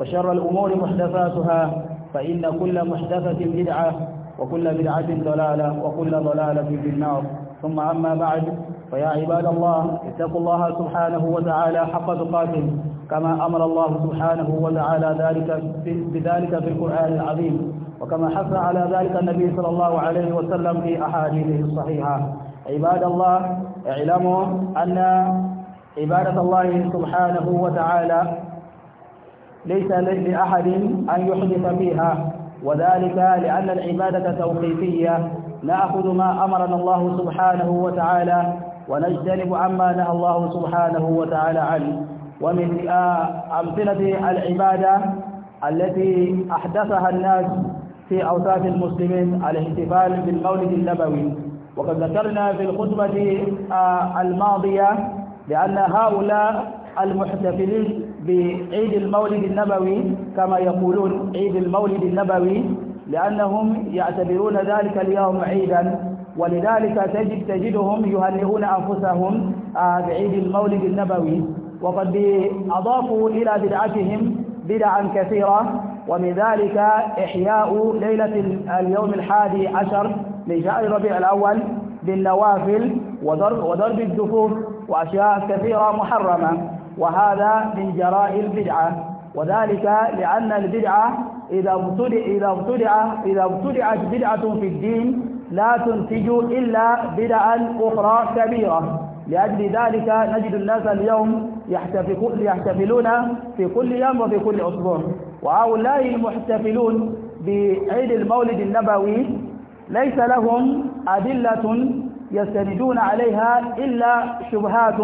وشر الأمور محدثاتها فإن كل محدثة بدعة وكل بدعة ضلالة وكل ضلالة في النار ثم أما بعد فيا عباد الله اتقوا الله سبحانه وتعالى حق تقاته كما أمر الله سبحانه وتعالى ذلك بذلك في القرآن العظيم وكما حث على ذلك النبي صلى الله عليه وسلم في أحاديثه الصحيحة عباد الله اعلموا أن عبادة الله سبحانه وتعالى ليس لأحد أن يحدث فيها وذلك لأن العبادة توقيفية نأخذ ما أمرنا الله سبحانه وتعالى ونجتنب عما نهى الله سبحانه وتعالى عنه ومن أمثلة العبادة التي أحدثها الناس في أوساط المسلمين الاحتفال بالمولد النبوي وقد ذكرنا في الخطبة آه، الماضية بأن هؤلاء المحتفلين بعيد المولد النبوي كما يقولون عيد المولد النبوي لأنهم يعتبرون ذلك اليوم عيدا ولذلك تجد تجدهم يهنئون أنفسهم آه، بعيد المولد النبوي وقد أضافوا إلى بدعتهم بدعا كثيرة ومن ذلك إحياء ليلة اليوم الحادي عشر من شهر ربيع الأول بالنوافل وضرب, وضرب الدفوف وأشياء كثيرة محرمة وهذا من جراء البدعة وذلك لأن البدعة إذا ابتدع إذا ابتدع إذا ابتدعت بدعة في الدين لا تنتج إلا بدعا أخرى كبيرة لأجل ذلك نجد الناس اليوم يحتفلون في كل يوم وفي كل أسبوع وهؤلاء المحتفلون بعيد المولد النبوي ليس لهم أدلة يستندون عليها إلا شبهات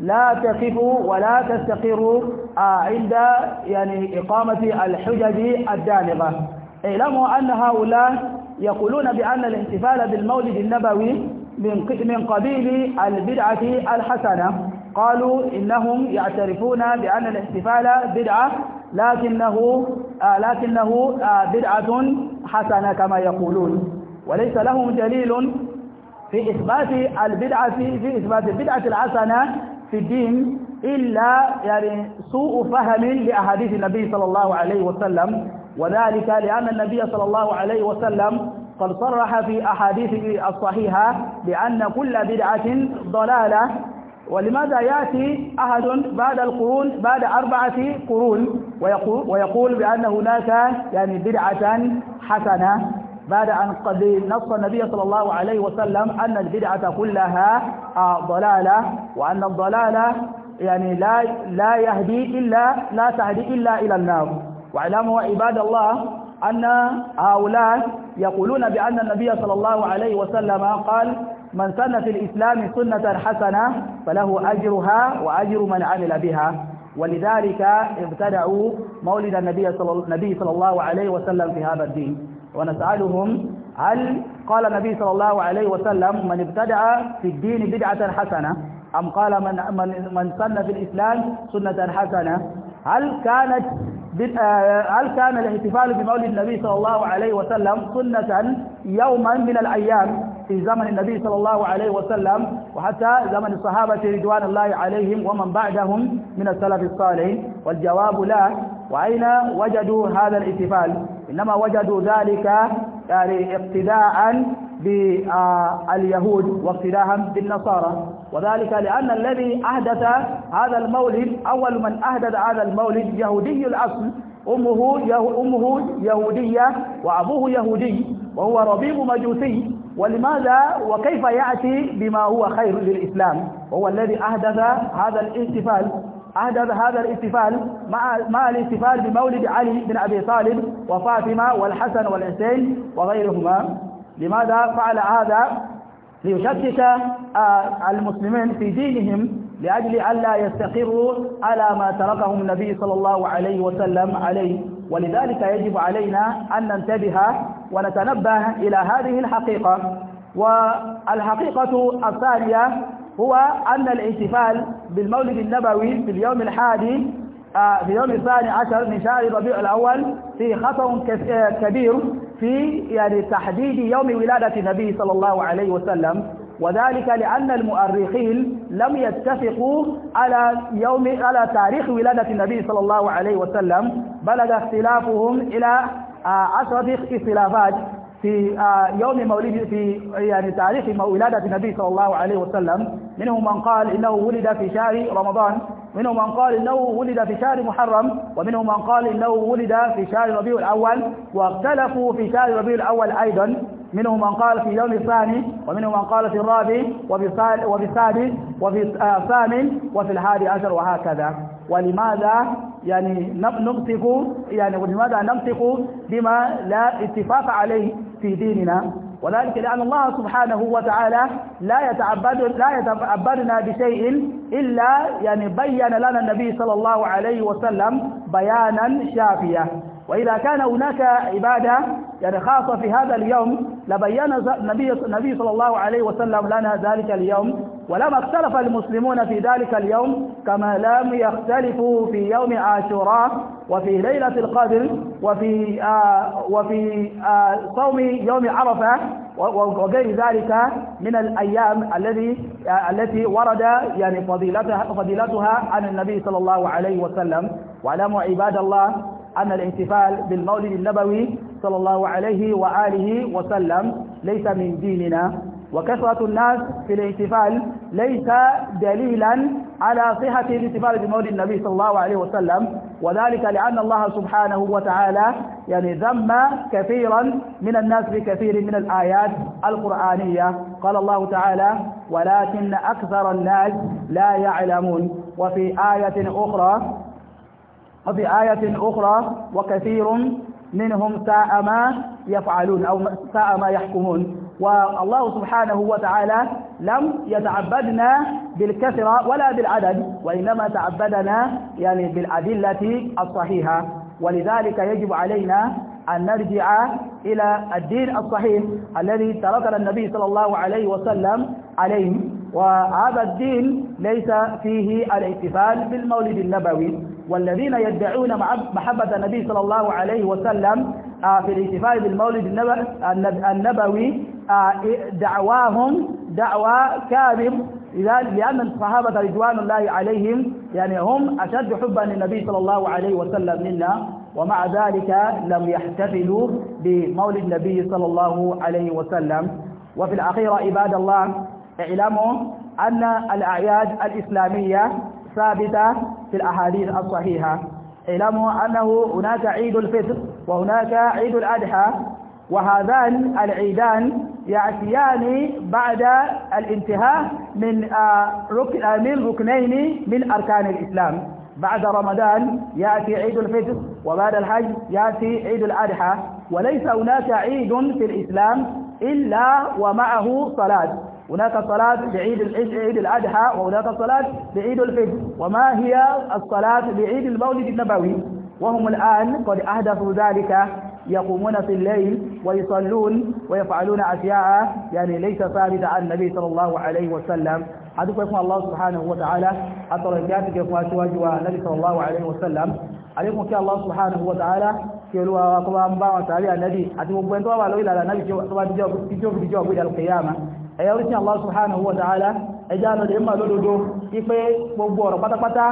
لا تقفوا ولا تستقروا آه، عند يعني إقامة الحجج الدامغة اعلموا أن هؤلاء يقولون بأن الاحتفال بالمولد النبوي من قبيل البدعة الحسنة قالوا إنهم يعترفون بأن الاحتفال بدعة لكنه آه، لكنه آه، بدعة حسنة كما يقولون وليس لهم دليل في إثبات البدعة في إثبات البدعة الحسنة في الدين إلا يعني سوء فهم لأحاديث النبي صلى الله عليه وسلم وذلك لأن النبي صلى الله عليه وسلم قد صرح في أحاديثه الصحيحة بأن كل بدعة ضلالة ولماذا يأتي أحد بعد القرون بعد أربعة قرون ويقول, ويقول بأن هناك يعني بدعة حسنة بعد أن قد نص النبي صلى الله عليه وسلم أن البدعة كلها آه، ضلالة وأن الضلالة يعني لا لا يهدي إلا لا تهدي إلا إلى النار واعلموا عباد الله أن هؤلاء يقولون بأن النبي صلى الله عليه وسلم قال من سن في الإسلام سنة حسنة فله أجرها وأجر من عمل بها ولذلك ابتدعوا مولد النبي صلى, النبي صلى الله عليه وسلم في هذا الدين ونسألهم هل قال النبي صلى الله عليه وسلم من ابتدع في الدين بدعة حسنة أم قال من من من سن في الإسلام سنة حسنة هل كانت آه، هل كان الاحتفال بمولد النبي صلى الله عليه وسلم سنة يوما من الأيام في زمن النبي صلى الله عليه وسلم وحتى زمن الصحابة رضوان الله عليهم ومن بعدهم من السلف الصالح والجواب لا وأين وجدوا هذا الاحتفال إنما وجدوا ذلك يعني اقتداء باليهود آه، واقتداء بالنصارى وذلك لأن الذي أحدث هذا المولد أول من أحدث هذا المولد يهودي الأصل أمه أمه يهودية وأبوه يهودي وهو ربيب مجوسي ولماذا وكيف يأتي بما هو خير للإسلام وهو الذي أحدث هذا الاحتفال عهد هذا الاحتفال مع, مع الاحتفال بمولد علي بن أبي طالب وفاطمة والحسن والحسين وغيرهما لماذا فعل هذا ليشكك آه، المسلمين في دينهم لأجل ألا يستقروا على ما تركهم النبي صلى الله عليه وسلم عليه ولذلك يجب علينا أن ننتبه ونتنبه إلى هذه الحقيقة والحقيقة الثانية هو أن الاحتفال بالمولد النبوي في اليوم الحادي آه، في اليوم الثاني عشر من شهر ربيع الأول في خطأ آه، كبير في يعني تحديد يوم ولادة النبي صلى الله عليه وسلم وذلك لأن المؤرخين لم يتفقوا على يوم على تاريخ ولادة النبي صلى الله عليه وسلم بلغ اختلافهم إلى آه، عشرة اختلافات في آه، يوم مولد في يعني تاريخ ولادة النبي صلى الله عليه وسلم منهم من قال إنه ولد في شهر رمضان منهم من قال إنه ولد في شهر محرم ومنهم من قال إنه ولد في شهر ربيع الأول واختلفوا في شهر ربيع الأول أيضا منهم من قال في يوم الثاني ومنهم من قال في الرابع وفي السادس وفي آه، الثامن وفي الحادي عشر وهكذا ولماذا يعني نمسك يعني ولماذا نمسك بما لا اتفاق عليه في ديننا وذلك لأن الله سبحانه وتعالى لا يتعبد لا يتعبدنا بشيء إلا يعني بين لنا النبي صلى الله عليه وسلم بيانا شافيا وإذا كان هناك عبادة يعني خاصة في هذا اليوم لبين النبي صلى الله عليه وسلم لنا ذلك اليوم ولما اختلف المسلمون في ذلك اليوم كما لم يختلفوا في يوم عاشوراء وفي ليلة القدر وفي آه وفي آه صوم يوم عرفة وغير ذلك من الأيام الذي آه، التي ورد يعني فضيلتها فضيلتها عن النبي صلى الله عليه وسلم واعلموا عباد الله أن الاحتفال بالمولد النبوي صلى الله عليه وآله وسلم ليس من ديننا وكثرة الناس في الاحتفال ليس دليلا على صحة الاحتفال بمولد النبي صلى الله عليه وسلم وذلك لأن الله سبحانه وتعالى يعني ذم كثيرا من الناس بكثير من الآيات القرآنية قال الله تعالى ولكن أكثر الناس لا يعلمون وفي آية أخرى وفي آية أخرى وكثير منهم ساء ما يفعلون أو ساء ما يحكمون والله سبحانه وتعالى لم يتعبدنا بالكثرة ولا بالعدد وإنما تعبدنا يعني بالأدلة الصحيحة ولذلك يجب علينا أن نرجع إلى الدين الصحيح الذي تركنا النبي صلى الله عليه وسلم عليه وهذا الدين ليس فيه الاحتفال بالمولد النبوي والذين يدعون محبة النبي صلى الله عليه وسلم آه، في الاحتفال بالمولد النبوي آه، دعواهم دعوى كاذب لأن الصحابة رضوان الله عليهم يعني هم أشد حبا للنبي صلى الله عليه وسلم منا ومع ذلك لم يحتفلوا بمولد النبي صلى الله عليه وسلم وفي الأخيرة عباد الله اعلموا أن الأعياد الإسلامية ثابتة في الأحاديث الصحيحة اعلموا أنه هناك عيد الفطر وهناك عيد الأضحى وهذان العيدان يأتيان بعد الانتهاء من آه، آه، من ركنين من أركان الإسلام بعد رمضان يأتي عيد الفطر وبعد الحج يأتي عيد الأضحى وليس هناك عيد في الإسلام إلا ومعه صلاة هناك صلاة بعيد عيد الأضحى وهناك صلاة بعيد الفطر وما هي الصلاة بعيد المولد النبوي وهم الآن قد أحدثوا ذلك يقومون في الليل ويصلون ويفعلون أشياء يعني ليس ثابتة عن النبي صلى الله عليه وسلم هذا الله سبحانه وتعالى أثر جاتك يفواش وجوه النبي صلى الله عليه وسلم عليكم كي الله سبحانه وتعالى كيلوا وقوا أنباء وتعالى النبي أتبقوا أنتوا أبعوا إلى النبي إلى القيامة ẹ̀yà orí sí Allah subhanahu wa ta'ala ẹjá lọ lè máa lódodo ipé gbogbo ọ̀rọ̀ pátápátá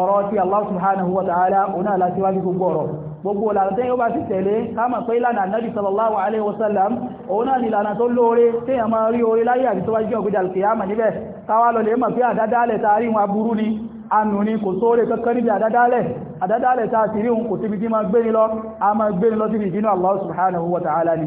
ọ̀rọ̀ tí Allah subhanahu wa ta'ala òun náà láti wájú gbogbo ọ̀rọ̀ gbogbo ìlànà tí ó bá sì tẹ̀lé káàmà pé ìlànà nábi sallallahu alaihi wasallam òun náà ni ìlànà tó lóore tí a máa rí orí láyé àti tó wájú ọgbẹ́dà alkiyama níbẹ̀ káwà lọ lè mọ̀ pé àdádálẹ̀ tààrí wọn aburú ni anù ni kò sóòrè kankan níbi àdádálẹ̀ àdádálẹ̀ tààrí wọn kò síbi tí máa gbé ni lọ a máa gbé ni lọ síbi ìdínú Allah subhanahu wa ta'ala ni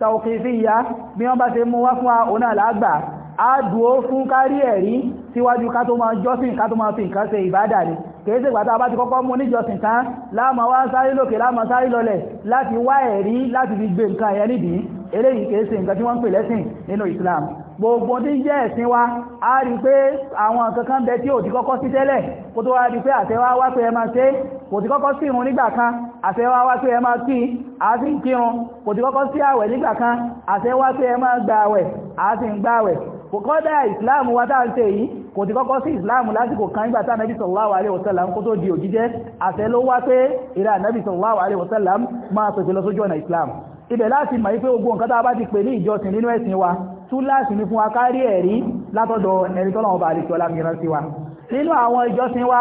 tawqifiyya bí wọ́n bá ṣe mú wá fún àwọn aláàgbà a dúó fún kárí ẹ̀rí síwájú ká tó máa jọ́sìn ká tó máa fi nǹkan ṣe ìbádà ni kìí ṣe gbàtà bá ti kọ́kọ́ mú níjọsìn tán láàmà wá sáré lókè láàmà sáré lọlẹ̀ láti wá ẹ̀rí láti fi gbé nǹkan ẹ̀yẹ nídìí eléyìí kìí nǹkan tí wọ́n ń pè lẹ́sìn nínú Islam gbogbo tí jẹ́ ẹ̀sìn wa a rí pé àwọn kankan bẹ tí ò ti kọ́kọ́ sí tẹ́lẹ̀ kó tó wá rí pé àtẹwà wá pé ẹ máa ṣe kò ti kọ́kọ́ sí ìrun nígbà kan àtẹwà wá pé ẹ máa kí a sì ń kírun kò ti kọ́kọ́ sí àwẹ̀ nígbà kan àtẹwà pé ẹ máa gba àwẹ̀ a sì ń gba àwẹ̀ kódà ìsìláàmù wa tá ń ṣe yìí kò ti kọ́kọ́ sí ìsìláàmù lásìkò kan nígbà tá nàbí sallallahu alaihi wasallam kó tó di òjíjẹ́ àṣẹ ló wá pé ìrà nàbí sallallahu alaihi wasallam máa pèsè lọ sójú ọ̀nà ìsìláàmù ibẹ̀ láti mọ̀ wípé gbogbo nǹkan tá a bá ti pè ní ìjọsìn nínú ẹ̀sìn wa túláàsì ní fún wa ká rí ẹ̀rí látọ̀dọ̀ ẹni tọ́lọ́wọ́ bá àdìsí ọlá mìíràn sí wa nínú àwọn ìjọsìn wa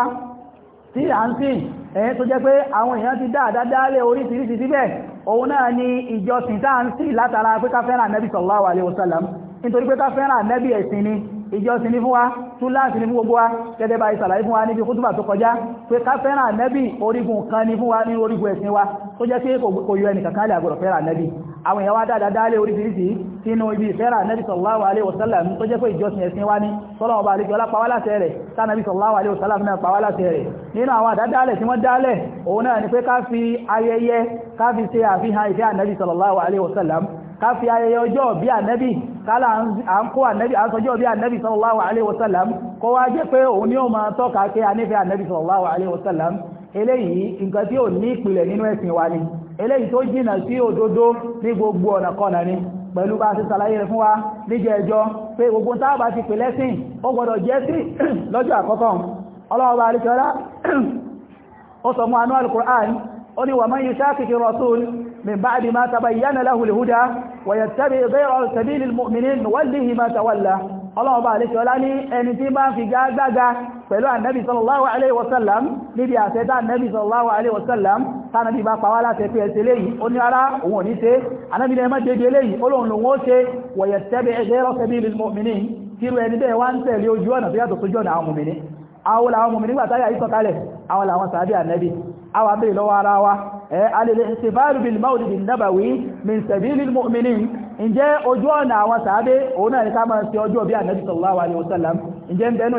tí à ń sìn ẹ̀yìn tó jẹ́ pé àwọn èèyàn ti dáadáa dálé oríṣiríṣi síbẹ̀ òun náà ni ìjọsìn tá à ń sìn látara pé ká fẹ́ràn nẹ́bí sallallahu alaihi wasallam nítorí pé ká fẹ́ràn nẹ́bí ẹ̀sìn ni ìjọsìn ní fún wa túláàsì ní fún gbogbo wa gẹ́gẹ́ bá ìsàlàyé fún wa níbi kútùbà tó kọjá pé ká fẹ́ràn nẹ́bí orígun kan ní fún wa ní orígun ẹ̀sìn wa tó jẹ́ pé kò yọ ẹnìkankan lè àgbọ̀dọ̀ fẹ́ràn nẹ́bí àwọn èèyàn wá dáadáa dálé oríṣiríṣi sínú ibi ìfẹ́ra nẹ́bí sallallahu alaihi wasallam tó jẹ́ pé ìjọsìn ẹ̀sìn wá ní sọ́lọ̀ ọba àríkẹ́ ọlá pàwálàṣẹ rẹ̀ sánàbí sallallahu alaihi wasallam náà pàwálàṣẹ rẹ̀ nínú àwọn àdádálẹ̀ tí wọ́n dálẹ̀ òun náà ni pé ká fi ayẹyẹ ká fi ṣe àfihàn ìfẹ́ ànẹ́bí sallallahu alaihi wasallam ká fi ayẹyẹ ọjọ́ bí ànẹ́bí kálà à ń kó ànẹ́bí àṣọjọ́ bí ànẹ́bí eléyìí tó jìnà sí òdodo ní gbogbo ọ̀nà kọ̀nà ni pẹ̀lú bá ti sàlàyé rẹ̀ fún wa níjẹ́ ẹjọ́ pé gbogbo táàbà ti pè lẹ́sìn ó gbọdọ̀ jẹ́ sí lọ́jọ́ àkọ́kọ́ ọlọ́ọ̀bá alìkọ́lá ó sọ mọ́ anú al-Qur'an ó ní wa man yushaqiqi rasul ọlọ́ọ̀bá àlẹ́ṣẹ́ ọlá ní ẹni tí bá ń fi gágbága pẹ̀lú ànẹ́bì sallallahu alaihi wasallam níbi àṣẹta ànẹ́bì sallallahu alaihi wasallam tánàbí bá pàwà láti pé ẹsẹ̀ léyìí ó ní ara òun ò ní ṣe ànẹ́bì lẹ́mọ́ dédé léyìí olóhun lòun ó ṣe wọ̀yẹ̀tẹ́bẹ̀ ẹgbẹ́ rọ́sẹ̀bí mu'minin kírú ẹni bẹ́ẹ̀ wá ń tẹ̀lé ojú ọ̀nà tó àwa bẹ́ẹ̀ lọ́wọ́ ara wa ẹ̀ alẹ́lẹ́ ìsìfààrù bil mawlidi nabawi min sabilil mu'minin ǹjẹ́ ojú ọ̀nà àwọn sàábé òun náà ní ká máa ṣe ọjọ́ bí sallallahu alaihi wasallam ǹjẹ́ ń bẹ́ẹ̀ nù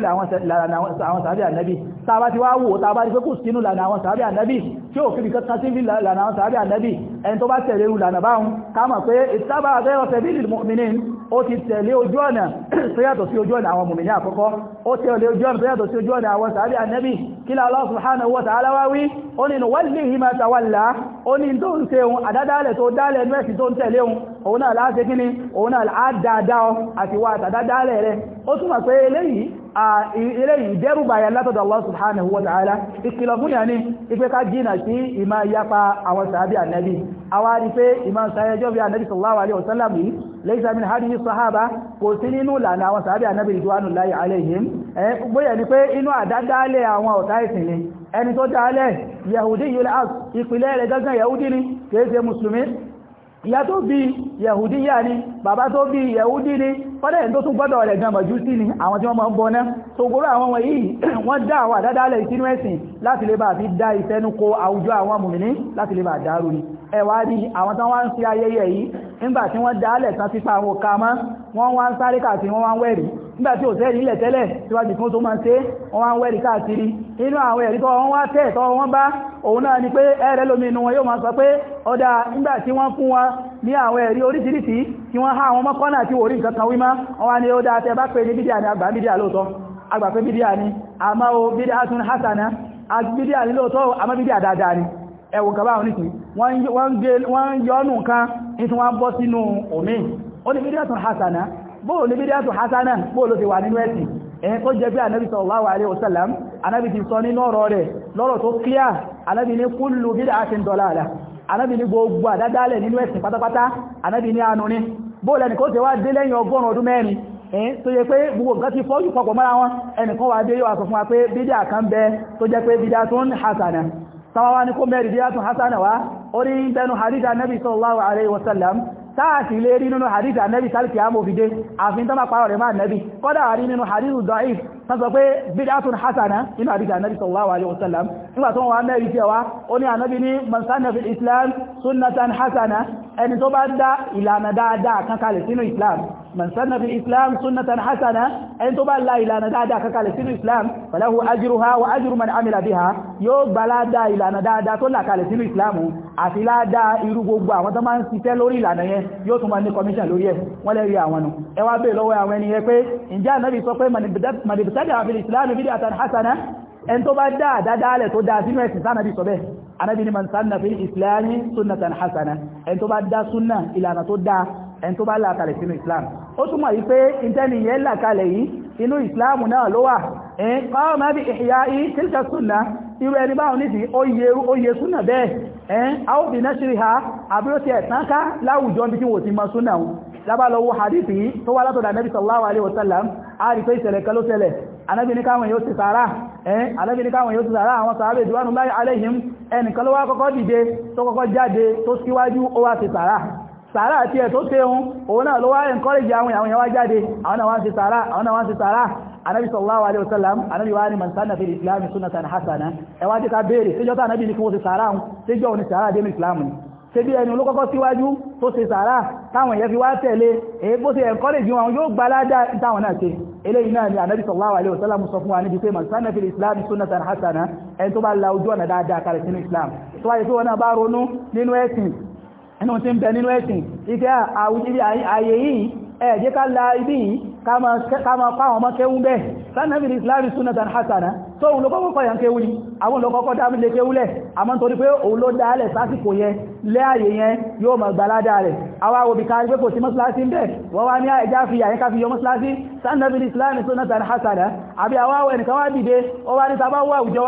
lára àwọn sàábé ànábì tàbá ti wá wò tàbá ti pé kò sínú lànà àwọn sàábì ànábì tí ò fìbìkan kan sí lànà àwọn sàábì ànábì ẹni tó bá tẹ̀lé irú lànà báhùn ká mọ̀ pé ìtàbà àbẹ́rọ̀ sẹ̀bílì mọ̀mìnì ó ti tẹ̀lé ojú ọ̀nà tó yàtọ̀ sí ojú ọ̀nà àwọn mọ̀mìnì àkọ́kọ́ ó tẹ̀lé ojú ọ̀nà tó yàtọ̀ sí ojú ọ̀nà àwọn sàábì ànábì kí Allah subhanahu òun náà láti kíní òun náà á àti wà àtàdádálẹ̀ rẹ̀ ó túnmọ̀ pé eléyìí ilé ìdẹ́rùbàyà látọ̀dọ̀ Allah subhanahu wa ta'ala ìkìlọ̀ fún yà ní ipé ká jìnà sí ìmá yapa àwọn sàábí ànẹ́bí àwárí pé ìmá sáyẹjọ́ bí ànẹ́bí sallallahu alaihi wasallam yìí laysa min hadiyi sahaba kò sí fọ́dẹ̀ ẹ̀ tó tún gbọ́dọ̀ rẹ̀ gan mọ̀júsí ni àwọn tí wọ́n máa ń bọ́ná ṣògbóró àwọn wọ̀nyí wọ́n dá àwà dádálẹ̀ ìsínú ẹ̀sìn láti lè bá fi dá ìfẹ́nukò àwùjọ àwọn mùmìnì láti lè bá dárú ni Ewa rí àwọn tán wá ń sí ayẹyẹ yìí tí wọ́n dálẹ̀ tán fífà àwọn òkà mọ́ wọ́n wá ń sáré káàkiri wọ́n wá ń wẹ̀rí tí ò sẹ́rí ilẹ̀ tẹ́lẹ̀ síwájú fún tó máa ń ṣe wọ́n wá ń wẹ̀rí káàkiri inú àwọn ẹ̀rí tọ́ wọ́n wá tẹ̀ tọ́ wọ́n bá òun náà ni pé ẹ̀rẹ́ lómi inú wọn yóò máa sọ pé ọ̀dà nígbàtí wọ́n fún wọn ní àwọn ẹ̀rí oríṣiríṣi wọ́n há àwọn àti nǹkan kan wọ́n wá ní ó dáa bá ni àmọ́ ẹwọ gaba oníkì wọ́n yọ́nù kan ní tí wọ́n bọ́ sínú omi ó ní bídíàtù hasana bóò ní bídíàtù hasana bóò ló ti wà nínú ẹ̀sìn ẹ̀yẹn tó jẹ́ bí anábi sallallahu alaihi wasallam anábi ti sọ nínú ọ̀rọ̀ rẹ̀ lọ́rọ̀ tó clear anábi ní kullu bid'atin dalalah anábi ní gbogbo àdádálẹ̀ nínú ẹ̀sìn pátápátá anábi ní àánú ní bóò lẹ́nì kó ti wá dé lẹ́yìn ọgọ́rùn ọdún mẹ́rin ẹ̀yìn tó yẹ pé gbogbo nǹkan ti fọ́jú papọ̀ mọ́ra wọn ẹnìkan wà dé yóò wà sọ fún wa pé bídíà kan bẹ tó jẹ́ pé bídíà tó ń hasana tàwàwà ní kó mẹ́rin bí yàtún hasana wa orí ń bẹnu hadita nabi sallallahu alaihi wasallam táàtì lè rí nínú hadita nabi sálkì amòfide àfin tánmà pàrọ̀ rẹ̀ máa nabi kọ́dà rí nínú haditu da'if tán sọ pé bídátún hasana nínú hadita nabi sallallahu alaihi wasallam nígbà tó wà mẹ́rin tí wa ó ní ànábi man sanna fi islam sunnatan hasana ẹni tó bá dá ìlànà dáadáa kan kalẹ̀ sínú islam من سن في الإسلام سنة حسنة أن تبا لا إلى ندادا ككال سنو الإسلام فله أجرها وأجر من عمل بها يوب بلا دا إلى ندادا كل كال سنو الإسلام àti láàdáa irú gbogbo àwọn tó máa ń ṣiṣẹ́ lórí ìlànà yẹn yóò tún máa ní commission lórí ẹ̀ wọ́n lè rí àwọn nù ẹ wá bèèrè lọ́wọ́ àwọn ẹni yẹn pé ǹjẹ́ ànábì sọ pé mọ̀lẹ̀bìtẹ́lẹ̀ àfihàn ìsìláàmù bídí àtàn hasana ẹni tó bá dáa dáadáalẹ̀ tó dáa sínú ẹ̀sìn sánàbì sọ bẹ́ẹ̀ anábì ni man sanna fil islami sunnatan hasana ẹni tó bá dá sunna ìlànà tó dáa ẹn tó bá làkalẹ̀ sínú islam ó túnmọ̀ yí pé ìtẹ́ni yẹn làkalẹ̀ yìí inú islam náà ló wà ẹn kọ́ mẹ́bí ìhìyà yìí tilka sunna irú ẹni báwọn nìsí oye súnà bẹ́ẹ̀ ẹn a ó bí nẹ́ṣírí ha àbúrò ti ẹ̀tàn ká láwùjọ bí kí wò ti mọ súnà lábálọ́wọ́ hadith yìí tó wá látọ̀dà nẹ́bí sallallahu alaihi wasallam a rí pé ìṣẹ̀lẹ̀ kan ló ṣẹlẹ̀ anábi ní káwọn yóò ti sàárà ẹ́ anábi ní káwọn yóò ti sàárà àwọn sàárè ìdíwánu láì aléhìm ẹnìkan ló wá kọ́kọ́ dìde tó kọ́kọ́ jáde tó síwájú ó wá ti sàárà sàárà àti ẹ̀ tó tẹ́hun òun náà ló wá encourage àwọn àwọn èèyàn wá jáde àwọn àwọn ṣe sàárà àwọn àwọn ṣe sàárà anábi sallallahu alaihi wasallam anábi wa ni man sanna fi islam sunnatan hasana ẹ wá jẹ́ ká béèrè síjọ́ tá anábi ní kí wọ́n ṣe sàárà hun síjọ́ òun ni sàárà dé islam ni ṣe bí ẹni olókọ́kọ́ síwájú tó ṣe sàárà táwọn èèyàn fi wá tẹ̀lé èyí bó ṣe encourage wọn yóò gbaládá táwọn náà ṣe eléyìí náà ni ànábì sallallahu alaihi wasallam sọ fún wa níbi pé man sanna fil islam hasana ẹni tó bá la ojú ọ̀nà dáadáa kalẹ̀ sínú islam tó wáyé tó wọn náà bá ronú nínú ẹ̀sìn ẹnu tí ń bẹ nínú ẹ̀sìn ike àwùjírí ayé yìí ẹ̀ẹ́jẹ́ ká la ibi yìí ká máa pàwọn ọmọ kéwú bẹ́ẹ̀ sannabi islami sunatan hasana tó òun ló kọ́kọ́ kọ́ yàn kéwú ni àwọn olókọ́kọ́ dábí lè kéwú lẹ̀ àmọ́ nítorí pé òun ló dálẹ̀ sásìkò yẹn lẹ́àyè yẹn yóò mọ̀ gbaládà rẹ̀ àwọn awòbí káàrí pé kò sí mọ́sílásí ń bẹ̀ wọ́n wá ní ah, ẹjá fi àyẹ́ ká yọ mọ́sílásí sandabi islam tó náà tàn hasana àbí àwọn awọ ẹnìkan wá dìde ó wá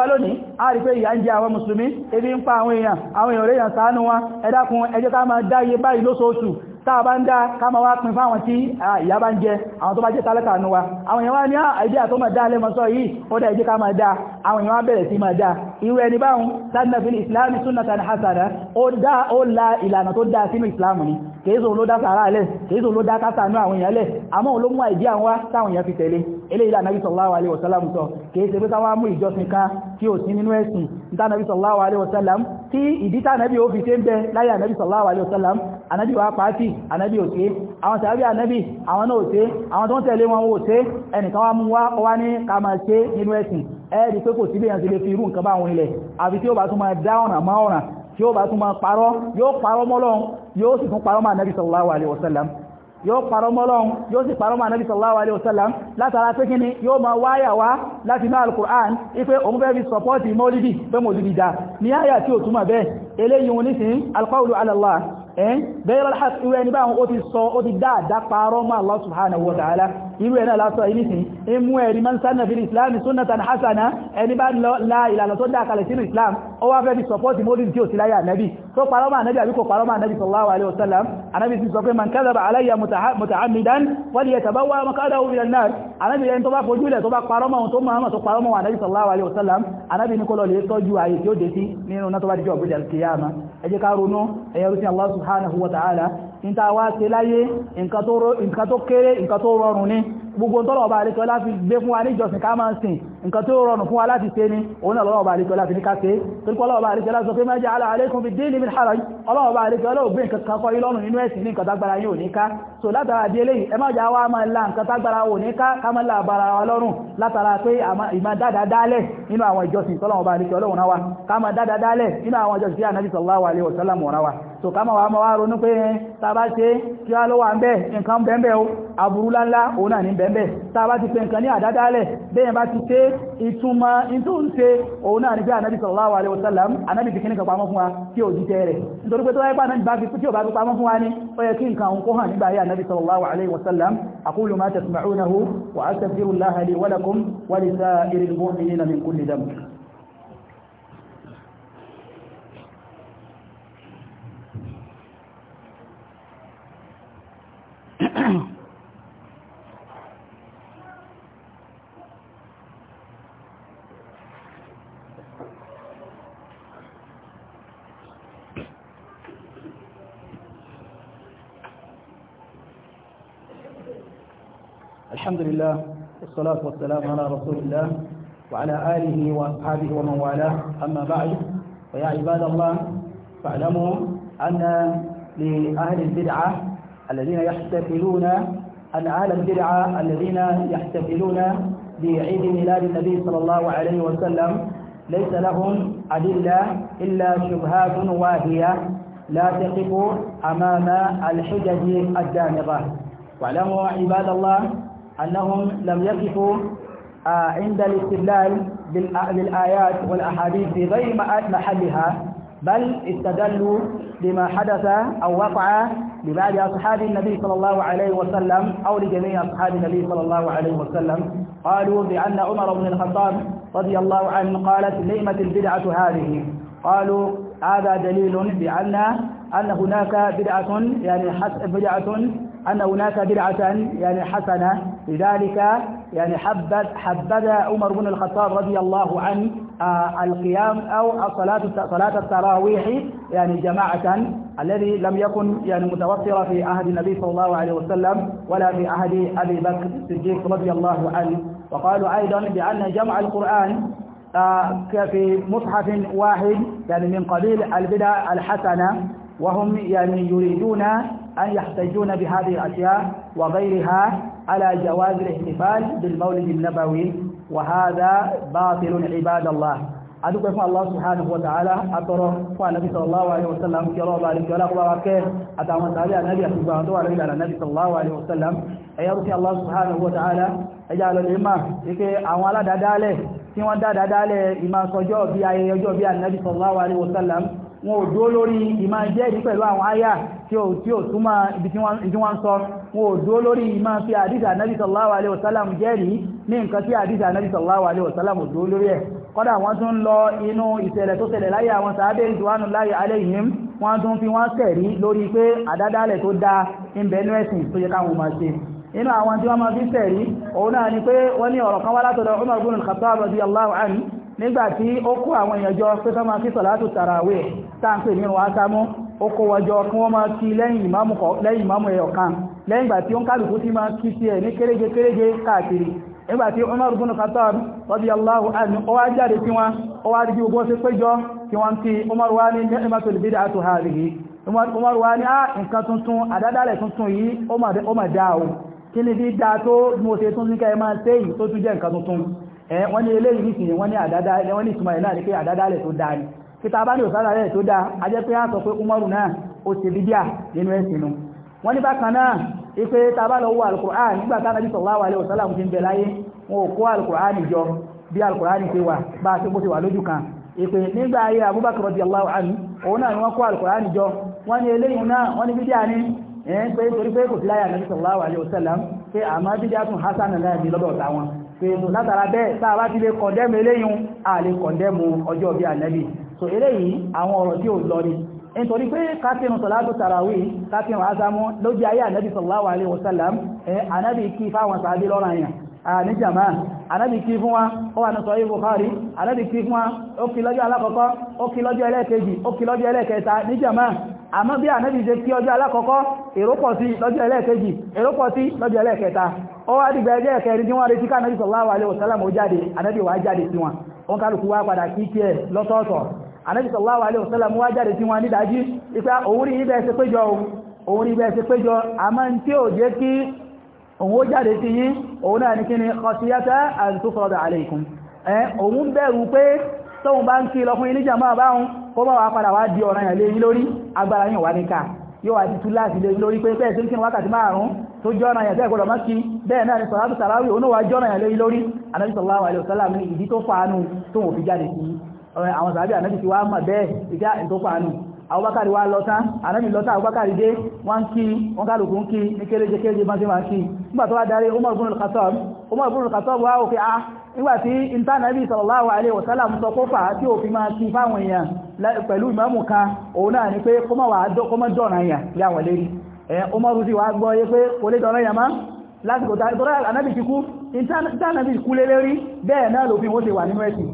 wa lónìí a rí pé ìyà ń jẹ àwọn mùsùlùmí ebi ń pa àwọn èèyàn àwọn èèyàn rèèyàn ṣàánú táà bá ń dá káàmà wá pín fáwọn tí ìyá bá ń jẹ àwọn tó bá jẹ́ tálákà nù wa àwọn èèyàn wá ní àìdí àtọ́ mọ̀ dá lẹ́mọ̀sọ́ yìí ó dá ìjẹ́ káàmà dá àwọn èèyàn wá bẹ̀rẹ̀ sí máa dá irú ẹni báhùn sádínàfin islam sunnatan hasana ó dá ó la ìlànà tó dá sínú islam ni kèézo ló dá sàárà lẹ̀ kèézo ló dá kásánú àwọn èèyàn lẹ̀ àmọ́ òun ló mú àìdí àwọn wá táwọn èèyàn fi tẹ̀lé eléyìí là nàbí sallallahu alaihi wasallam sọ kèése pé káwá mú ìjọsìn kan tí ò sí nínú ẹ̀sìn ní tánàbí sallallahu alaihi wasallam tí ìdí tánàbí ó fi ṣe ń bẹ láyé ànàbí sallallahu alaihi wasallam anábì wá pàátì anábì òkè àwọn sàábí anábì àwọn náà òtẹ́ àwọn tó ń tẹ̀lé wọn òtẹ́ ẹnìkan wá mú wá wá ní ká máa ṣe nínú ẹ̀sìn ẹ́ẹ̀dì pé kò sí bí ẹ̀sìn lè fi irú nǹkan bá àwọn ilẹ̀ àbí tí ó bá tún máa dá ọ̀nà mọ́ ọ̀nà tí ó bá tún máa parọ́ yóò parọ́ mọ́lọ́run yóò sì tún parọ́ mọ́ anábì sallallahu alaihi wasallam yóò parọ́ mọ́lọ́un yóò sì parọ́ máa nàbí sallallahu alaihi látara pé kíni yóò máa wáyà wá láti náà al ipé òun fẹ́ fi mọ́lìdì pé mọ́lìdì dá ní àyà tí ò túnmà bẹ́ẹ̀ eléyìn onísìn alqawlu ala ẹ́ eh? bẹ́ẹ̀rẹ̀ alhaq irú ẹni báwọn ó ti sọ ó ti dáadáa parọ́ mọ́ Allah subhanahu wa ta'ala irú ẹ̀ náà lásọ ìrísìn in mú ẹ̀rí man sanna fil islam sunnatan hasana ẹni bá la ìlànà tó dá kalẹ̀ sínú islam ó wá fẹ́ fi sọpọ́tì mórí tí ó ti láyà nẹ́bí tó parọ́mà nẹ́bí àbíkò parọ́mà nẹ́bí sallallahu alaihi wasallam anábi ti sọ pé man kadhaba alayya muta'ammidan falyatabawwa maq'adahu minan nar anábi ẹni tó bá fojú ilẹ̀ tó bá parọ́mà ohun tó máa tó parọ́mà Allah subhanahu wa ta'ala níta wá ṣe láyé nǹkan tó kéré nǹkan tó rọrùn ni gbogbo tọ́lọ̀ ọba àríkọ́ láti gbé fún wa ní ìjọsìn ká máa ń sìn nǹkan tó rọrùn fún wa láti ṣe ní òun náà lọ́wọ́ ọba àríkọ́ láti ní ká ṣe torípọ́ lọ́wọ́ ọba àríkọ́ láti sọ pé ma ja'ala alaykum fid dini min haraj ọlọ́wọ́ ọba àríkọ́ lọ́wọ́ gbé nǹkan kan kọ́ ilọ́run nínú ẹ̀sìn ní nǹkan tágbára yóò ní ká so látara di eléyìí ẹ má jà wá máa la nǹkan tágbára ò ní ká ká má la bara wa lọ́rùn látara pé ìmá dáadáa dálẹ̀ nínú àwọn ìjọsìn tọ́lọ́wọ́ ọba àríkọ́ wa ká wa so ká má wá máa wá ronú o aburú láńlá òun bẹ̀m̀bẹ̀ tàbá ti pẹ nǹkan ní àdádálẹ̀ bẹ́yẹn bá ti tẹ́ ìtumọ̀ ìtò ń tẹ́ òun náà ní pé ànábì sallallahu alaihi wasallam ànábì fi kíníkà pamọ́ fún wa kí ò jíjẹ rẹ̀ nítorí pé tó wáyé pàdánù bá fi tí ò bá fi pamọ́ fún wa ní ó yẹ kí nǹkan òun kó الحمد لله والصلاة والسلام على رسول الله وعلى آله وأصحابه ومن والاه أما بعد فيا عباد الله فاعلموا أن لأهل البدعة الذين يحتفلون أن أهل البدعة الذين يحتفلون بعيد ميلاد النبي صلى الله عليه وسلم ليس لهم أدلة إلا شبهات واهية لا تقف أمام الحجج الدامغة واعلموا عباد الله أنهم لم يقفوا آه، عند الاستدلال بالآيات والأحاديث في غير محلها بل استدلوا بما حدث أو وقع لبعض أصحاب النبي صلى الله عليه وسلم أو لجميع أصحاب النبي صلى الله عليه وسلم قالوا بأن عمر بن الخطاب رضي الله عنه قالت نعمة البدعة هذه قالوا هذا دليل بأن أن هناك بدعة يعني بدعة أن هناك بدعة يعني حسنة لذلك يعني حبذ حبذ عمر بن الخطاب رضي الله عنه آه، القيام أو صلاة صلاة التراويح يعني جماعة الذي لم يكن يعني متوفرا في عهد النبي صلى الله عليه وسلم ولا في عهد أبي بكر الصديق رضي الله عنه وقالوا أيضا بأن جمع القرآن آه، في مصحف واحد يعني من قبيل البدع الحسنة وهم يعني يريدون أن يحتجون بهذه الأشياء وغيرها على جواز الاحتفال بالمولد النبوي وهذا باطل عباد الله adúpẹ́ fún Allah subhanahu wa ta'ala àtọrọ fún ànábì sallallahu alaihi wasallam kí ọlọ́ọ̀bá alìkí ọlọ́pàá kẹ́ àtàwọn tàbí ànábì àti gbà tó wà lórí ìlànà ànábì sallallahu alaihi wasallam ẹ̀yà rúfí Allah subhanahu wa ta'ala ẹjá lọ́lẹ̀ ìmá ike àwọn aládádálẹ̀ tí wọ́n dádádálẹ̀ ìmá sọjọ́ bí ayẹyẹ ọjọ́ bí ànábì sallallahu alaihi wasallam wọn ò dúró lórí ìmá jẹ́rìí pẹ̀lú àwọn àyà tí ó tí ó túmọ̀ ibi tí wọ́n ń sọ wọn ò dúró lórí ìmá fi àdìsà nàbì sallallahu alaihi wasallam jẹ́rìí ní nǹkan tí àdìsà nàbì sallallahu alaihi wasallam ò dúró lórí ẹ̀ kọ́dà wọ́n tún lọ inú ìṣẹ̀lẹ̀ tó ṣẹlẹ̀ láyé àwọn sàábẹ́ ridwanullahi alaihim wọ́n tún fi wọ́n sẹ̀rí lórí pé àdádálẹ̀ tó dáa ń bẹ nú ẹ̀sìn tó yẹ káwọn máa ṣe inú àwọn tí wọ́n máa fi sẹ̀rí òun náà ni pé wọ́n ní ọ̀rọ̀ kan wá látọ̀dọ̀ Umar ibn al-Khattab radiyallahu anhu nígbàtí ó kó àwọn èèyàn jọ pé tán máa kí sọ̀látù tàràwé táǹpẹ̀ nínú asámú ó kó wọjọ kí wọ́n máa kí lẹ́yìn ìmáàmù ẹ̀yọ̀ kan lẹ́yìn ìgbà tí ó ń kálùkú tí máa kí sí ẹ̀ ní kéréje kéréje káàkiri nígbàtí Umar ibn Khattab radiyallahu anhu ó wá jáde tí wọ́n ó wá rí bí gbogbo ṣe péjọ tí wọ́n ti Umar wá ní ni'matul bid'atu hadhihi Umar wá ní ah, Eh, wọ́n ní eléyìí ní ìsìn wọ́n ní àdádá wọ́n ní ìtumọ̀ ìlànà pé àdádá lẹ̀ tó dáa ni kíta bá ní òsára rẹ̀ tó dáa a jẹ́ pé a sọ pé umaru náà ó ṣe bídíà nínú ẹ̀sìn nu wọ́n ní bákan náà ipe ta bá lọ wo alukur'an nígbà tá nàbí sallallahu alaihi wasallam ti ń bẹ láyé wọn ò kó alukur'an jọ bí alukur'an ṣe wà bá a ṣe bó ṣe wà lójú kan ìpè nígbà ayé abubakar radiyallahu anhu òun náà ni wọ́n kó alukur'an jọ wọ́n ní eléyìí náà wọ́n ní bídíà ni ẹ̀ ń pé torí pé kò sí láyà nàbí sallallahu alaihi wasallam pé àmọ́ bídíà tún hasan náà ní lọ́dọ̀ ọ̀tá wọn pẹ̀lú látara bẹ́ẹ̀ tàà bá ti lè kọ̀ndẹ́mù eléyìn a lè kọ̀ndẹ́mù ọjọ́ bí ànẹ́bì so eléyìí àwọn ọ̀rọ̀ tí ó lọ ni nítorí pé kásínú sọ̀látò tàràwì kásínú azamu lójú ayé ànẹ́bì sallallahu alaihi wasallam ànẹ́bì kí fáwọn sàábí lọ́rọ̀ àyàn ní jàmá ànábì kí fún wa ó wà ní sọ Bukhari ànábì kí fún wa ó kí lọ́jọ́ alákọ̀ọ́kọ́ ó kí lọ́jọ́ ẹlẹ́ẹ̀kejì ó kí lọ́jọ́ ẹlẹ́ẹ̀kẹta ní jàmá àmọ́ bí ànábì ṣe kí ọjọ́ alákọ̀ọ́kọ́ èrò pọ̀ sí lọ́jọ́ ẹlẹ́ẹ̀kejì èrò pọ̀ sí lọ́jọ́ ẹlẹ́ẹ̀kẹta ó wá dìgbà ẹjẹ́ ẹ̀kẹ́rin tí wọ́n retí ká nàbí sallallahu alaihi wasallam ó jáde ànábì wá jáde sí wọn wọn kálukú wá padà kí kí ẹ lọ́tọ̀ọ̀tọ̀ ànábì sallallahu alaihi wasallam wá jáde sí wọn nídàájí ipa òun rí ibẹ̀ ṣe péjọ òun rí ibẹ̀ ṣe péjọ àmọ́ tí ò jẹ́ kí òun ó jáde sí yín òun náà ní kí ni khasiyata an tufrada alaykum ẹ̀ òun bẹ́ẹ̀ náà ni sọ̀rọ̀ sàráwì oníwà jọ́nà yà lórí lórí anábi sallallahu alaihi wasallam ní ìdí tó fàánù tó wọ́n fi jáde sí àwọn sàrábì anábi ti wá mà bẹ́ẹ̀ ìjá ìtó fàánù Abubakar wá lọ́ta anábi lọ́ta Abubakar dé wọ́n kí wọ́n kálùkù ń kí ní kéréje kéréje máa fi máa kí nígbà tó wá darí Umar ibn al-Khattab Umar ibn al-Khattab wá òfin a ah! nígbà tí ìntánàbí sallallahu alaihi wasallam sọ lásìkò tàbí tọ́rọ ànábì ti kú ìtànàbì kú lé lérí bẹ́ẹ̀ náà ló fi wọ́n ṣe wà nínú ẹ̀sìn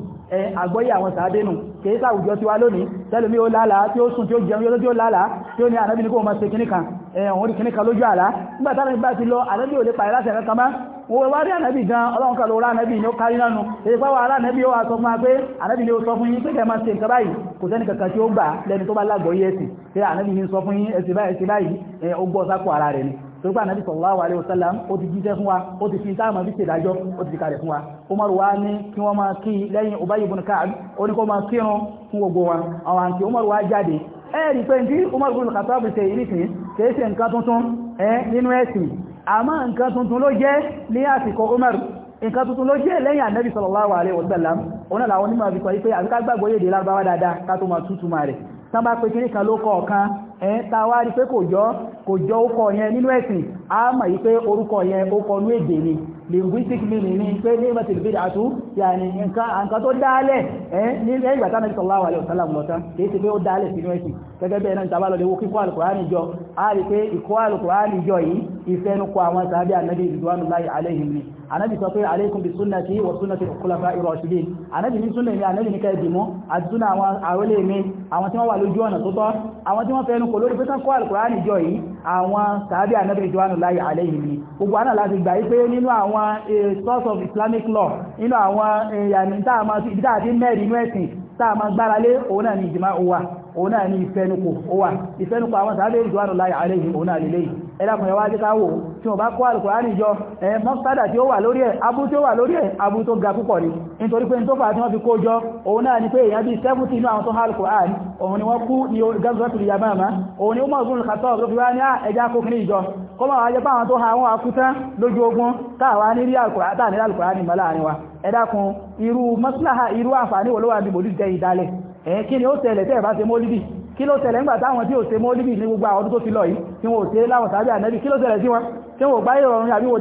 àgbọ́yé àwọn sàádẹ́nù kìí sàwùjọ tí wá lónìí tẹ́lùmí ó lálàá tí ó sùn tí ó jẹun yóò tí ó lálàá tí ó ní ànábì ní kó mọ́ ṣe kìníkan ẹ̀wọ̀n orí kìníkan lójú àlá nígbàtà náà bá wa pé ànábì ni ó sọ fún yín pé kẹ́ẹ̀ máa ṣe nǹkan báyìí kò sẹ́ni kankan tí ó gbà ni sọ fún yín ẹ̀sìn torípa ànábì sallallahu alaihi wasallam ó ti jíṣẹ́ fún wa ó ti fi táàmà bí ṣèdájọ́ ó ti fi kalẹ̀ fún wa Umar wá ní kí wọ́n máa kí lẹ́yìn Ubay ibn Ka'b ó ní kó máa kírun fún gbogbo wa àwọn àǹtí Umar wá jáde ẹ̀rí pé ní Umar ibn Khattab ṣe ìrìsìn kìí ṣe nǹkan tuntun ẹ nínú ẹ̀sìn àmọ́ nǹkan tuntun ló jẹ́ ní àsìkò Umar nǹkan tuntun ló jẹ́ lẹ́yìn ànábì sallallahu alaihi wasallam ọ̀nà làwọn onímọ̀ àbíkọ̀ yí pé àbíká gbàgbọ́ yèdè lárúbáwá dáadáa ká tó máa ẹ̀ ta wá rí pé kò jọ kò jọ ó kọ yẹn nínú ẹ̀sìn a mọ̀ yí pé orúkọ yẹn ó ní èdè ni linguistic meaning ni pé ní ìmọ̀tí ìbídà àtú yàní nǹkan tó dálẹ̀ ní ẹgbà tánà ìsọ̀ láwà alẹ́ òsàlá mọ̀tán kìí ti pé ó dálẹ̀ sínú ẹ̀sìn gẹ́gẹ́ bẹ́ẹ̀ náà tàbá lọ́dẹ̀ wo kíkọ́ alùkùránì jọ a rí pé ìkọ́ alùkùránì jọ yìí ìfẹ́nukọ àwọn sàábí ànábì ìdúwánu láì aléhìn ni ànábì sọ pé aléhìn bí súnà tí wọ́n súnà tí kúlá fa irọ́ ṣubí ànábì ní súnà ìmí ànábì ní ká ìdìmọ́ àti súnà àwọn àwọlé mi àwọn tí wọ́n wà lójú ọ̀nà tó tọ́ àwọn tí wọ́n fẹ́nukọ lórí pé ká kọ́ àwọn sàábí ànábìrì jọ́wánù láyé àlẹ́yìn ni gbogbo àná láti gbà wípé nínú àwọn eh, source of islamic law nínú àwọn ìyàní eh, táà ti mẹ́rin inú ẹ̀sìn táà máa gbára lé òun náà ni ìjìmá ó wà òun náà ni ìfẹ́nukò ó wà ìfẹ́nukò àwọn sàábí ìjọ́wánù láyé àlẹ́yìn òun náà lélẹ́yìn ẹlẹ́kùn ẹwà jẹ́ káwò tí wọ́n bá kó alùkùránì jọ ẹ mọ́sádà tí ó wà lórí ẹ̀ abú tí ó wà lórí ẹ̀ abú tó ga púpọ̀ ni nítorí pé tó fà tí wọ́n fi kó jọ òun náà ni pé èèyàn bí 70 inú àwọn tó alùkùránì òun ni wọ́n kú ní gazwatul yamama ni ó mọ̀ ọdún kàtọ́ tó fi wá ní ah, ẹja kókìrí ìjọ kọ́mọ̀ wájẹ́ pé àwọn tó ha wọn akútán lójú kí ló tẹ̀lẹ̀ ńgbà táwọn tí ò ṣe mọ́líbì ní gbogbo àwọn tó ti lọ yìí tí wọ́n ò ṣe láwọn tàbí ànẹ́bì kí ló tẹ̀lẹ̀ sí wọn tí wọ́n gbáyé ọ̀run àbí wò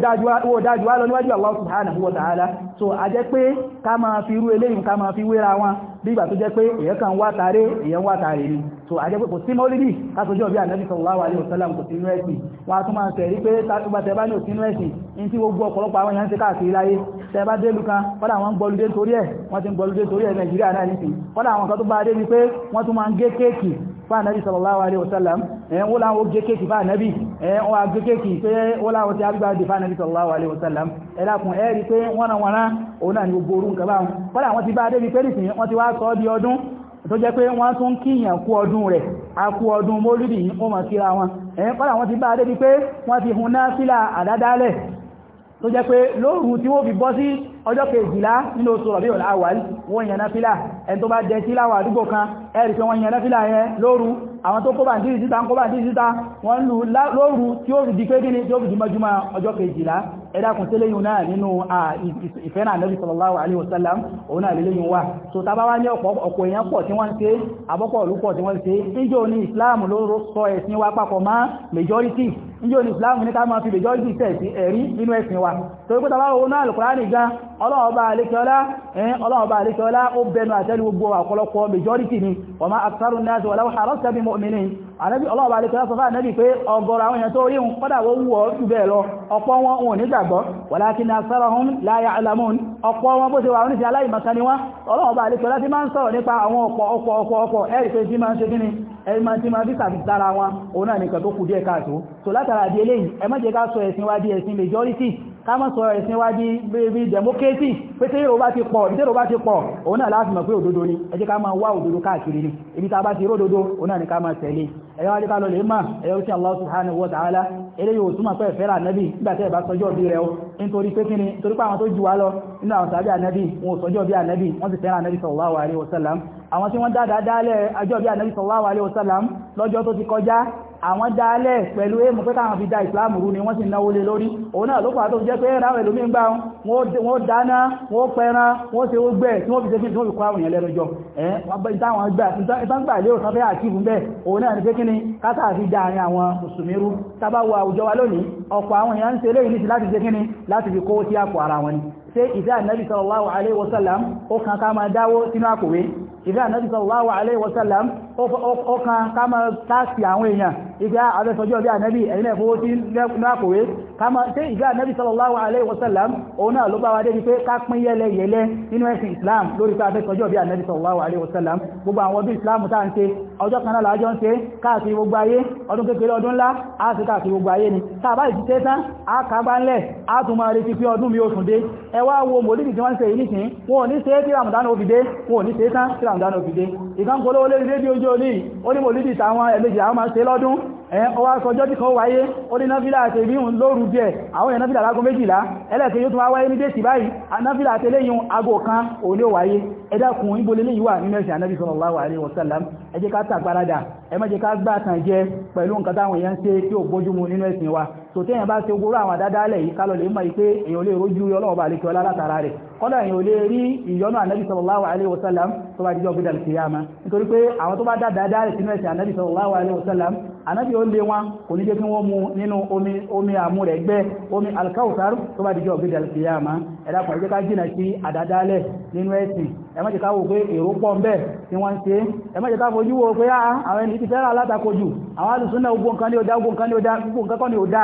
dájú lọ níwájú Allah subhanahu wa ta'ala so a jẹ́ pé ká máa fi irú eléyìí ká máa fi wéra wọn bí ìgbà tó jẹ́ pé èyàn kan wá tààrí èyàn wá tààrí ni so a jẹ́ pé kò sí mọ́lídì kásójú ọ̀bí ànábì sallallahu alaihi wasallam kò sínú ẹ̀sìn wọn a tún máa tẹ̀rí pé tàbí tẹ́bá ní òsínú ẹ̀sìn in tí gbogbo ọ̀pọ̀lọpọ̀ àwọn èèyàn ń ṣe káàkiri láyé tẹ́bá dé lukan kọ́dà wọn gbọludé torí ẹ̀ wọ́n ti gbọludé torí ẹ̀ nàìjíríà fáànàbí sallallahu alaihi wasallam ẹ̀yẹn wọ́n láwọn gé kéèkì fáànàbí ẹ̀yẹn wọ́n gé kéèkì pé wọ́n láwọn tí a gbígbà dé fáànàbí sallallahu alaihi wasallam ẹ̀lákùn ẹ̀rí pé wọ́n wọ́n òun náà ni gbogbo orú nǹkan báwọn kọ́lá wọ́n ti bá débi pé nìsín wọ́n ti wá sọ di ọdún tó jẹ́ pé wọ́n tún kíyàn kú ọdún rẹ̀ a kú ọdún mólúdì yìí ó mọ̀ síra wọn ẹ̀yìn kọ́lá wọ́n ti bá débi pé wọ́n ti hun náà sílà àdádálẹ̀ tó jẹ́ pé lóòrùn tí wọ́n fi ọjọ́ kejìlá nínú oṣù rọ̀bí ọ̀láwàl wọ́n yẹn náfílà ẹni tó bá jẹ sí láwọn àdúgbò kan ẹ̀rì pé wọ́n yẹn náfílà yẹn lóru àwọn tó kó bàndìrì síta ń kó bàndìrì síta wọ́n lù lóru tí ó rù di pé gíní tí ó rù di mọ́júmọ́ ọjọ́ kejìlá ẹ̀dàkùn tí léyìn náà nínú ìfẹ́ náà Nabi sallallahu alaihi wasallam òun náà léyìn wà so tàbá wá ní ọ̀pọ̀ èèyàn pọ̀ tí wọ́n ń ṣe àbọ́pọ̀ olùpọ̀ tí wọ́n ń ṣe níjò ní Islam ló sọ ẹ̀sìn wa papọ̀ mọ́ majority níjò ní Islam ní ká máa fi majority tẹ̀sí ẹ̀rí nínú ẹ̀sìn wa torí pé tàbá owó náà Al-Qur'ani ọlọ́ọ̀bá alékiọlá ọlọ́ọ̀bá alékiọlá ó bẹnu àtẹ́lú gbogbo àpọ̀lọpọ̀ majority ni wa ma aktharu an-nas wa law harasta bi mu'minin ànábì ọlọ́ọ̀bá alékiọlá sọ fún ànábì pé ọgọ́rọ̀ àwọn èèyàn tó rí kọ́dà wọ́n wù ọ́ jù bẹ́ẹ̀ lọ ọ̀pọ̀ wọn wọn nígbàgbọ́ walakinna aktharahum la ya'lamun ọ̀pọ̀ wọn bó ṣe wà ní ti aláìmọ̀kan ni wọ́n ọlọ́ọ̀bá alékiọlá ti máa ń sọ̀rọ̀ nípa àwọn ọ̀pọ̀ ọ̀pọ̀ ọ̀pọ̀ ọ̀pọ̀ ẹ̀rì pé tí máa ń ṣe kíni ẹ̀rì máa ti máa fi sàfihàn lára wọn òun náà nìkan tó ká má sọ ẹ̀sìn wá di bí democracy pé tí èrò bá ti pọ̀ tí èrò bá ti pọ̀ òun náà láti mọ̀ pé òdodo ni ẹ jẹ́ ká máa wá òdodo káàkiri ni ibi tá bá ti ródodo òun náà ni ká máa tẹ̀lé ẹ̀yọ́ adébá lọ lè mà ẹ̀yọ́ tí Allah subhanahu wa ta'ala eléyìí ò túmọ̀ pé ìfẹ́ra nẹ́bì nígbàtẹ́ ìbá sọjọ́ bí rẹ̀ o nítorí pé kíni torí pé àwọn tó jù wá lọ nínú àwọn sàbí ànẹ́bì wọn ò sọjọ́ bí ànẹ́bì wọ́n sì fẹ́ra ànẹ́bì sallallahu alaihi wasallam àwọn tí wọ́n dáadáa dálẹ̀ ajọ́ bí ànẹ́bì sallallahu alaihi wasallam lọ́jọ́ tó ti kọjá àwọn dálẹ̀ pẹ̀lú èmù pé káwọn fi dá ìsìláàmù rú ni wọ́n sì náwó lé lórí òun náà ló pàá tó jẹ́ pé ẹ̀ráwẹ̀ ló mí gbá wọn dáná wọ́n pẹran wọ́n ṣe ó gbẹ̀ tí wọ́n fi ṣe fi kọ́ àwọn lẹ́nu jọ ẹ̀ kíni kásà fi dá àárín àwọn mùsùlùmí rú tábà wo àwùjọ wa lónìí ọ̀pọ̀ àwọn èèyàn ń ṣe eléyìí níṣì láti ṣe kíni láti fi kó sí àpò ara wọn ni ṣé ìfẹ́ ànábì sallallahu alaihi wasallam ó kan ká dáwó sínú àpòwé ìfẹ́ ànábì sallallahu alaihi wasallam ọkàn ká máa táàkì àwọn èèyàn ibi àbẹ́sọjọ́ bí ànẹ́bì ẹ̀yìn ẹ̀fọwó tí lákòwé tí ìgbà ànẹ́bì sallallahu alaihi wasallam òun náà ló bá wá débi pé ká pín yẹlẹ yẹlẹ nínú ẹ̀sìn Islam lórí pé àbẹ́sọjọ́ bí ànẹ́bì sallallahu alaihi wasallam gbogbo Islam tá ń ṣe ọjọ́ kan náà lájọ́ ń ṣe káàkiri gbogbo ayé ọdún kékeré ọdún ńlá á ni tàbá ìdí tẹ́ tán á kàgbá ńlẹ̀ á tún máa retí pé ọdún mi ó sùn dé ẹ wá wo mòlídì tí wọ́n ń ṣe yìí nìsín wọn ò ní ṣe jẹ́ olí ó ní mòlídì tàwọn ẹ̀lẹ́jì àwọn máa ń ṣe lọ́dún ẹ̀yẹn ọwá sọjọ́ tí kan wáyé ó ní náfílà àti ìbíhùn lóòrù díẹ̀ àwọn èèyàn náfílà lágún méjìlá ẹlẹ́ẹ̀kẹ́ yóò tún wá wáyé ní déètì báyìí náfílà àti eléyìn aago kan òní ò wáyé ẹ dákun ibo lélẹ́yìí wà nínú ẹ̀sìn anábì sallallahu alaihi wasallam ẹ jẹ́ ká tàgbáradà ẹ má jẹ́ ká gbà tàn jẹ pẹ̀lú nǹkan táwọn èèyàn ń ṣe tí ò bójúmu nínú ẹ̀sìn wa tòtẹ́yìn bá ṣe ogoro àwọn àdádálẹ̀ yìí kálọ̀ lè mọ̀ pé èèyàn ò lè rojú ọlọ́run bá lè látara rẹ̀ kọ́dà èèyàn lè rí ìyọ́nú ànábì sallallahu alaihi wasallam tó bá dijọ́ gbé dàlùkì yá ma nítorí pé àwọn tó bá alaihi wasallam anábì ó lé wọn kò ní jẹ́ kí wọ́n mu nínú omi àmúrẹ̀gbẹ́ omi alkautar tó bá dìjọ́ ọ̀gbẹ́dẹ̀ alkiyama ẹ̀dàkùn ẹjẹ́ ká jìnà sí àdádálẹ̀ nínú ẹ̀sìn ẹ má jẹ́ ká wò pé èrò pọ̀ ń bẹ tí wọ́n ń ṣe ẹ ká fojú wo pé ah, àwọn ẹni tí fẹ́ràn alátakojù àwọn alùsùn náà gbogbo nǹkan ní ó dá gbogbo nǹkan ní ó dá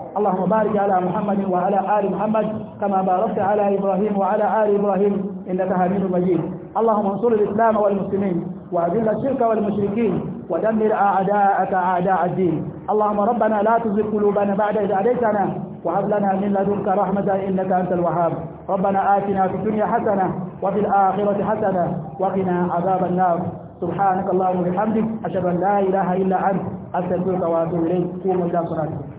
اللهم بارك على محمد وعلى آل محمد كما باركت على إبراهيم وعلى آل إبراهيم إنك حميد مجيد اللهم انصر الإسلام والمسلمين وأذل الشرك والمشركين ودمر أعداءك أعداء الدين اللهم ربنا لا تزغ قلوبنا بعد إذ هديتنا وهب لنا من لدنك رحمة إنك أنت الوهاب ربنا آتنا في الدنيا حسنة وفي الآخرة حسنة وقنا عذاب النار سبحانك اللهم وبحمدك أشهد أن لا إله إلا أنت أستغفرك وأتوب إليك قوموا إلى صلاتكم